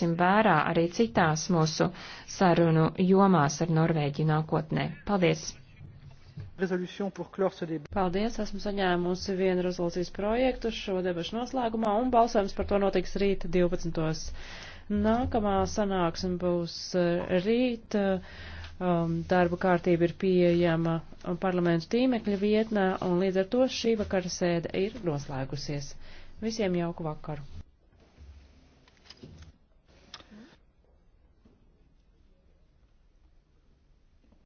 ņemsim vērā arī citās mūsu sarunu jomās ar Norvēģiju nākotnē. Paldies! Paldies, esmu saņēmusi vienu rezolūcijas projektu šo debašu noslēgumā un balsojums par to notiks rīt 12. Nākamā sanāksme būs eh, rīt. Eh, um, darba kārtība ir pieejama parlamentu tīmekļa vietnē un līdz ar to šī vakara sēde ir noslēgusies. Visiem jauku vakaru!